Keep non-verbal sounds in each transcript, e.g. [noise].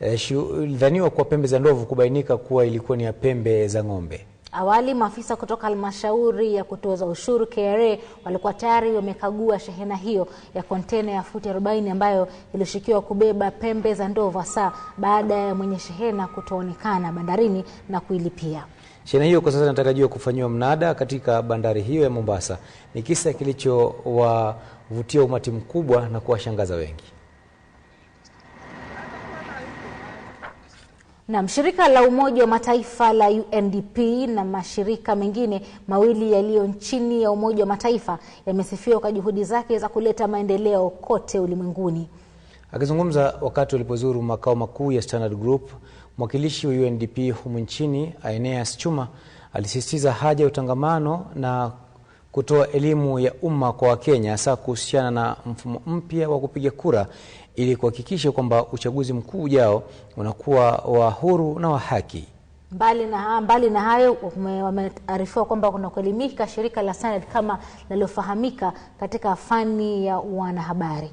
ilidhaniwa eh, kuwa pembe za ndovu kubainika kuwa ilikuwa ni ya pembe za ng'ombe. Awali maafisa kutoka halmashauri ya kutoza ushuru KRA walikuwa tayari wamekagua shehena hiyo ya kontena ya futi 40 ambayo ilishukiwa kubeba pembe za ndovu, hasa baada ya mwenye shehena kutoonekana bandarini na kuilipia. Shehena hiyo kwa sasa inatarajiwa kufanyiwa mnada katika bandari hiyo ya Mombasa. Ni kisa kilichowavutia umati mkubwa na kuwashangaza wengi. na shirika la Umoja wa Mataifa la UNDP na mashirika mengine mawili yaliyo chini ya Umoja wa Mataifa yamesifiwa kwa juhudi zake za kuleta maendeleo kote ulimwenguni. Akizungumza wakati walipozuru makao makuu ya Standard Group, mwakilishi wa UNDP humu nchini Aeneas Chuma alisisitiza haja ya utangamano na kutoa elimu ya umma kwa Wakenya hasa kuhusiana na mfumo mpya wa kupiga kura ili kuhakikisha kwamba uchaguzi mkuu ujao unakuwa wa huru na wa haki. Mbali na, mbali na hayo wamearifiwa kwamba kuna kuelimika shirika la Sanad kama linalofahamika katika fani ya wanahabari.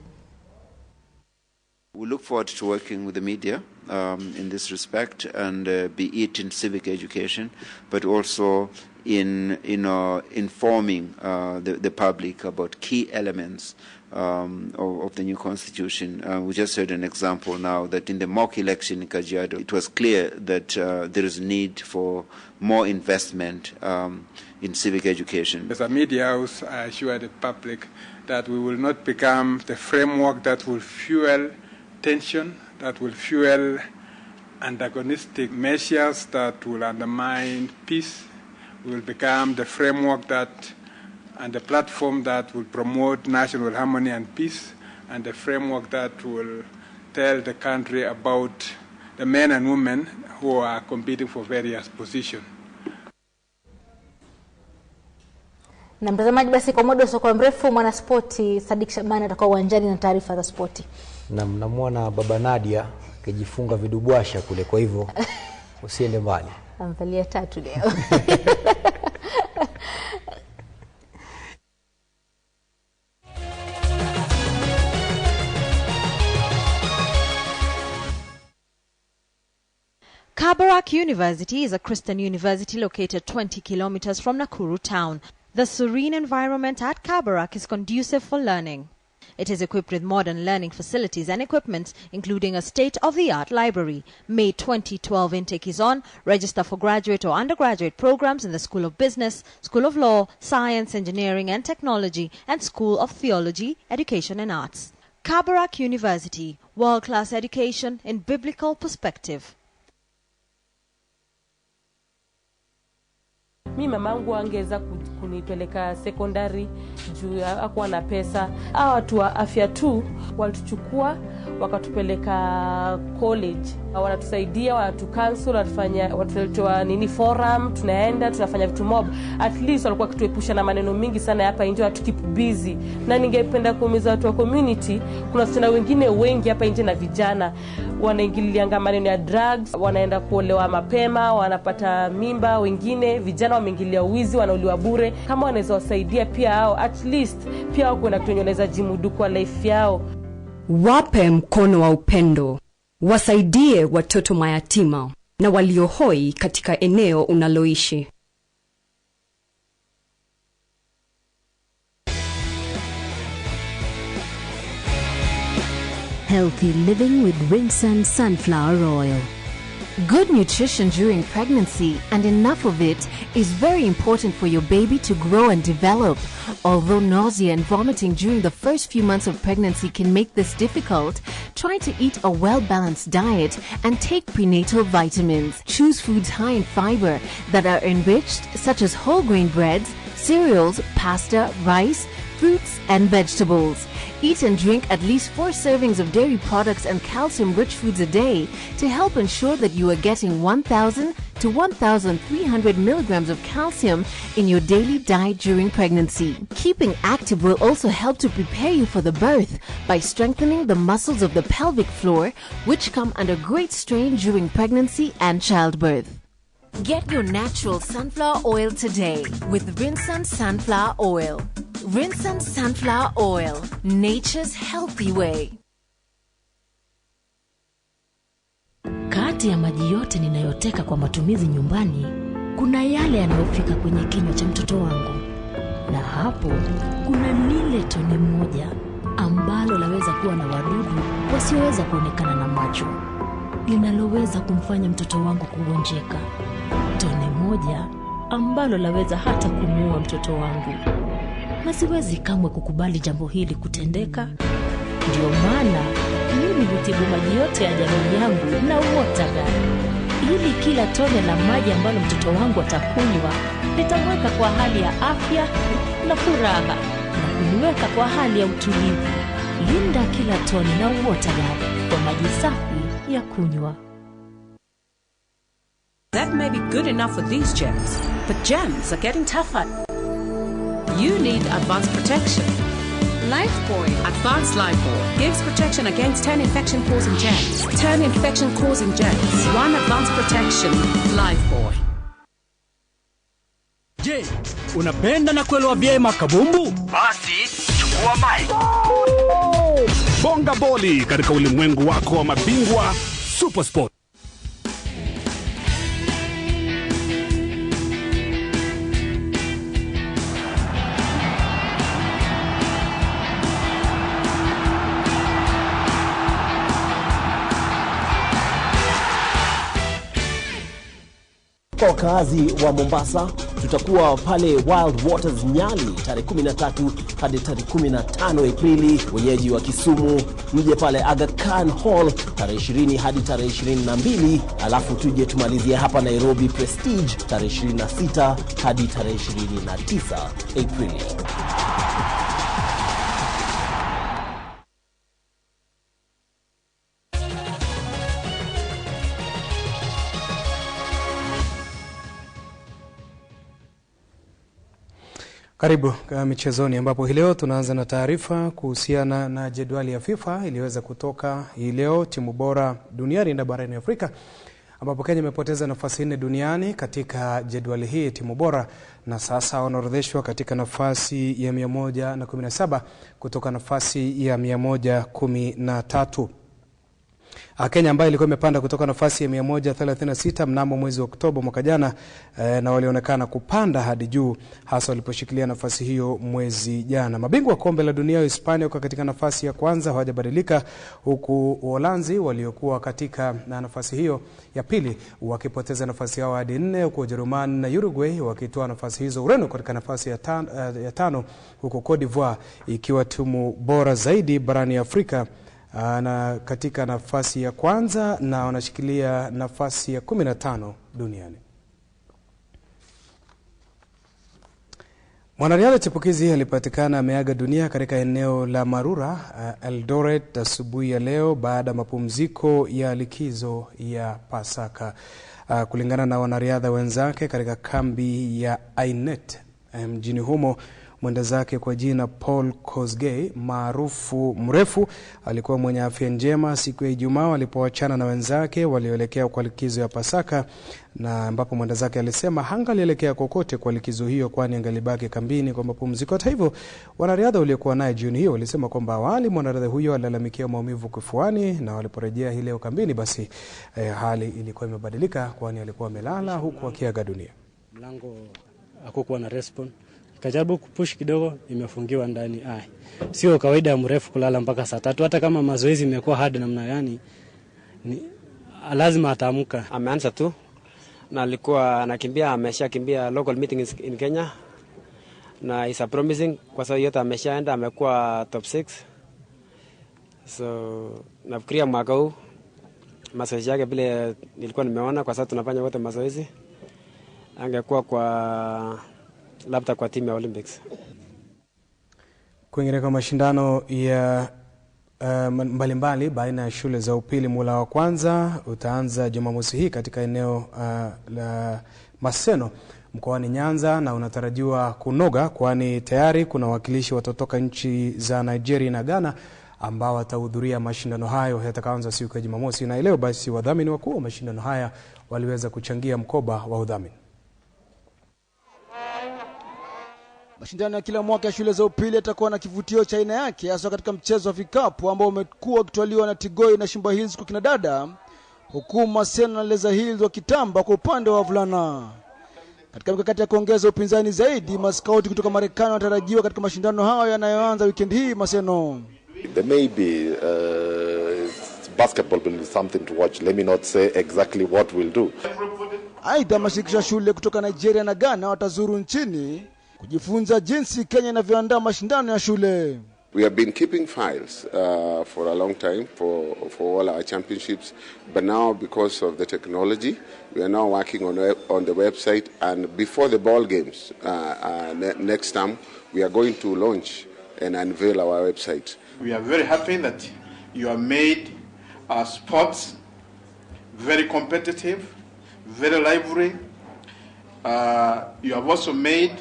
We look forward to working with the media um, in this respect and uh, be it in civic education but also in, you uh, know, informing uh, the, the public about key elements um, of, of, the new constitution. Uh, we just heard an example now that in the mock election in Kajiado, it was clear that uh, there is need for more investment um, in civic education. As a media house, I assure the public that we will not become the framework that will fuel tension, that will fuel antagonistic measures that will undermine peace, We will become the framework that and a platform that will promote national harmony and peace, and a framework that will tell the country about the men and women who are competing for various positions. Na mtazamaji, basi kwa muda usiokuwa mrefu, mwanaspoti Sadik Shabani atakuwa uwanjani na taarifa za spoti. Na mnamwona baba Nadia akijifunga vidubwasha kule, kwa hivyo [laughs] usiende mbali, amvalia tatu leo [laughs] Kabarak University is a Christian university located 20 kilometers from Nakuru town. The serene environment at Kabarak is conducive for learning. It is equipped with modern learning facilities and equipment, including a state of the art library. May 2012 intake is on. Register for graduate or undergraduate programs in the School of Business, School of Law, Science, Engineering and Technology, and School of Theology, Education and Arts. Kabarak University, world class education in biblical perspective. Mi mamangu angeweza kunipeleka sekondari juu akuwa na pesa. Hawa watu wa afya tu walituchukua wakatupeleka college, wanatusaidia, wanatukansel, wanatufanya nini forum, tunaenda tunafanya vitu mob. At least walikuwa wakituepusha na maneno mingi sana hapa nje, watu keep busy. Na ningependa kuumiza watu wa community, kuna wasichana wengine wengi hapa nje na vijana wanaingililianga maneno ya drugs, wanaenda kuolewa mapema, wanapata mimba, wengine vijana wameingilia uwizi wanauliwa bure. Kama wanaweza wasaidia pia ao at least pia ao kuenda kutengeneza jimudu kwa life yao. Wape mkono wa upendo, wasaidie watoto mayatima na waliohoi katika eneo unaloishi. Healthy living with rinse and sunflower oil. Good nutrition during pregnancy and enough of it is very important for your baby to grow and develop. Although nausea and vomiting during the first few months of pregnancy can make this difficult, try to eat a well balanced diet and take prenatal vitamins. Choose foods high in fiber that are enriched, such as whole grain breads, cereals, pasta, rice fruits, and vegetables. Eat and drink at least four servings of dairy products and calcium rich foods a day to help ensure that you are getting 1,000 to 1,300 milligrams of calcium in your daily diet during pregnancy. Keeping active will also help to prepare you for the birth by strengthening the muscles of the pelvic floor, which come under great strain during pregnancy and childbirth. Get your natural sunflower oil today with Rinsan Sunflower Oil. Rinse and sunflower oil, nature's healthy way. Kati ya maji yote ninayoteka kwa matumizi nyumbani, kuna yale yanayofika kwenye kinywa cha mtoto wangu, na hapo kuna lile tone moja ambalo laweza kuwa na wadudu wasioweza kuonekana na macho, linaloweza kumfanya mtoto wangu kugonjeka, tone moja ambalo laweza hata kumuua mtoto wangu na siwezi kamwe kukubali jambo hili kutendeka. ndio maana mimi hutibu maji yote ya jamii yangu na uotaga, ili kila tone la maji ambalo mtoto wangu atakunywa litamweka kwa hali ya afya na furaha na kuniweka kwa hali ya utulivu. Linda kila tone na uotaga kwa maji safi ya kunywa. That may be good enough for these gems, but gems are getting tougher you need advanced protection. LifeBuoy Advanced LifeBuoy gives protection against 10 infection-causing jets. 10 infection-causing jets. One advanced protection. LifeBuoy. Je, unapenda na kuelewa vyema kabumbu? Basi chukua mic. Bonga boli katika ulimwengu wako wa mabingwa SuperSport. Kwa wakaazi wa Mombasa, tutakuwa pale Wild Waters Nyali tarehe 13 hadi tarehe 15 Aprili. Wenyeji wa Kisumu, mje pale Aga Khan Hall tarehe 20 hadi tarehe 22, alafu tuje tumalizie hapa Nairobi Prestige tarehe 26 hadi tarehe 29 Aprili. Karibu michezoni, ambapo hii leo tunaanza na taarifa kuhusiana na jedwali ya FIFA iliyoweza kutoka hii leo, timu bora duniani na barani Afrika, ambapo Kenya imepoteza nafasi nne duniani katika jedwali hii timu bora, na sasa wanaorodheshwa katika nafasi ya 117 kutoka nafasi ya 113. Ah, Kenya ambayo ilikuwa imepanda kutoka nafasi ya 136 mnamo mwezi wa Oktoba mwaka jana eh, na walionekana kupanda hadi juu hasa waliposhikilia nafasi hiyo mwezi jana. Mabingwa wa kombe la dunia Hispania wako katika nafasi ya kwanza, hawajabadilika huku Uholanzi waliokuwa katika na nafasi hiyo ya pili wakipoteza nafasi yao hadi nne, huku Ujerumani na Uruguay wakitoa nafasi hizo, Ureno katika nafasi ya tano, eh, ya tano huku Cote d'Ivoire ikiwa timu bora zaidi barani Afrika Ah, na katika nafasi ya kwanza na wanashikilia nafasi ya 15 duniani. Mwanariadha chipukizi alipatikana ameaga dunia katika eneo la Marura, eh, Eldoret, asubuhi ya leo baada ya mapumziko ya likizo ya Pasaka. Ah, kulingana na wanariadha wenzake katika kambi ya Ainet eh, mjini humo mwenda zake kwa jina Paul Kosgei maarufu mrefu, alikuwa mwenye afya njema siku ya Ijumaa alipoachana na wenzake walioelekea kwa likizo ya Pasaka, na ambapo mwenda zake alisema hangalielekea kokote kwa likizo hiyo, kwani angalibaki kambini kwa mapumziko. Hata hivyo, wanariadha waliokuwa naye jioni hiyo walisema kwamba awali mwanariadha huyo alilalamikia maumivu kifuani, na waliporejea hii leo kambini, basi eh, hali ilikuwa imebadilika, kwani alikuwa amelala huku akiaga dunia. Mlango hakukuwa na response Kajaribu kupush kidogo, imefungiwa ndani. Ai, sio kawaida ya mrefu kulala mpaka saa tatu, hata kama mazoezi imekuwa hard namna gani, ni lazima ataamka. Ameanza tu na alikuwa anakimbia, ameshakimbia local meeting in Kenya na is a promising kwa sababu yote ameshaenda, amekuwa top 6 so nafikiria mwaka huu mazoezi yake vile nilikuwa nimeona, kwa sababu tunafanya wote mazoezi, angekuwa kwa labda kwa timu ya Olympics. kwa mashindano ya uh, mbalimbali baina ya shule za upili mula wa kwanza utaanza Jumamosi hii katika eneo uh, la Maseno mkoani Nyanza na unatarajiwa kunoga, kwani tayari kuna wakilishi watotoka nchi za Nigeria na Ghana ambao watahudhuria mashindano hayo yatakaanza siku ya Jumamosi. Na leo basi, wadhamini wakuu wa mashindano haya waliweza kuchangia mkoba wa udhamini. Mashindano ya kila mwaka ya shule za upili yatakuwa na kivutio cha aina yake, hasa katika mchezo wa vikapu ambao umekuwa ukitwaliwa na Tigoi na Shimba Hills kwa kinadada, huku Maseno na Leza Hills wakitamba kwa upande wa wavulana. Katika mikakati ya kuongeza upinzani zaidi, maskauti kutoka Marekani wanatarajiwa katika mashindano hayo yanayoanza wikendi hii Maseno. There may be, uh, basketball will be something to watch. Let me not say exactly what we'll do. Aidha, mashirikisho ya shule kutoka Nigeria na Ghana watazuru nchini kujifunza jinsi Kenya inavyoandaa mashindano ya shule. We have been keeping files uh, for a long time for, for all our championships, but now because of the technology, we are now working on, on the website and before the ball games uh, uh, ne next time, we are going to launch and unveil our website. We are very happy that you have made our sports very competitive, very lively. Uh, you have also made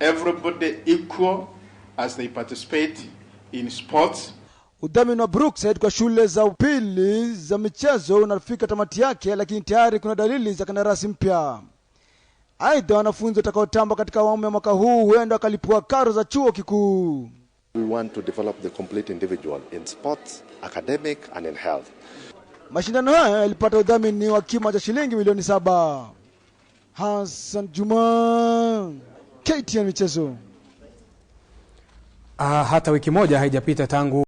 everybody equal as they participate in sports. Udhamini wa Brookside kwa shule za upili za michezo unafika tamati yake, lakini tayari kuna dalili za kandarasi mpya. Aidha, wanafunzi watakaotamba katika awamu ya mwaka huu huenda wakalipua karo za chuo kikuu. We want to develop the complete individual in sports, academic and in health. Mashindano haya yalipata udhamini wa kima cha shilingi milioni saba. Hassan Juma KTN Michezo. Ah, hata wiki moja haijapita tangu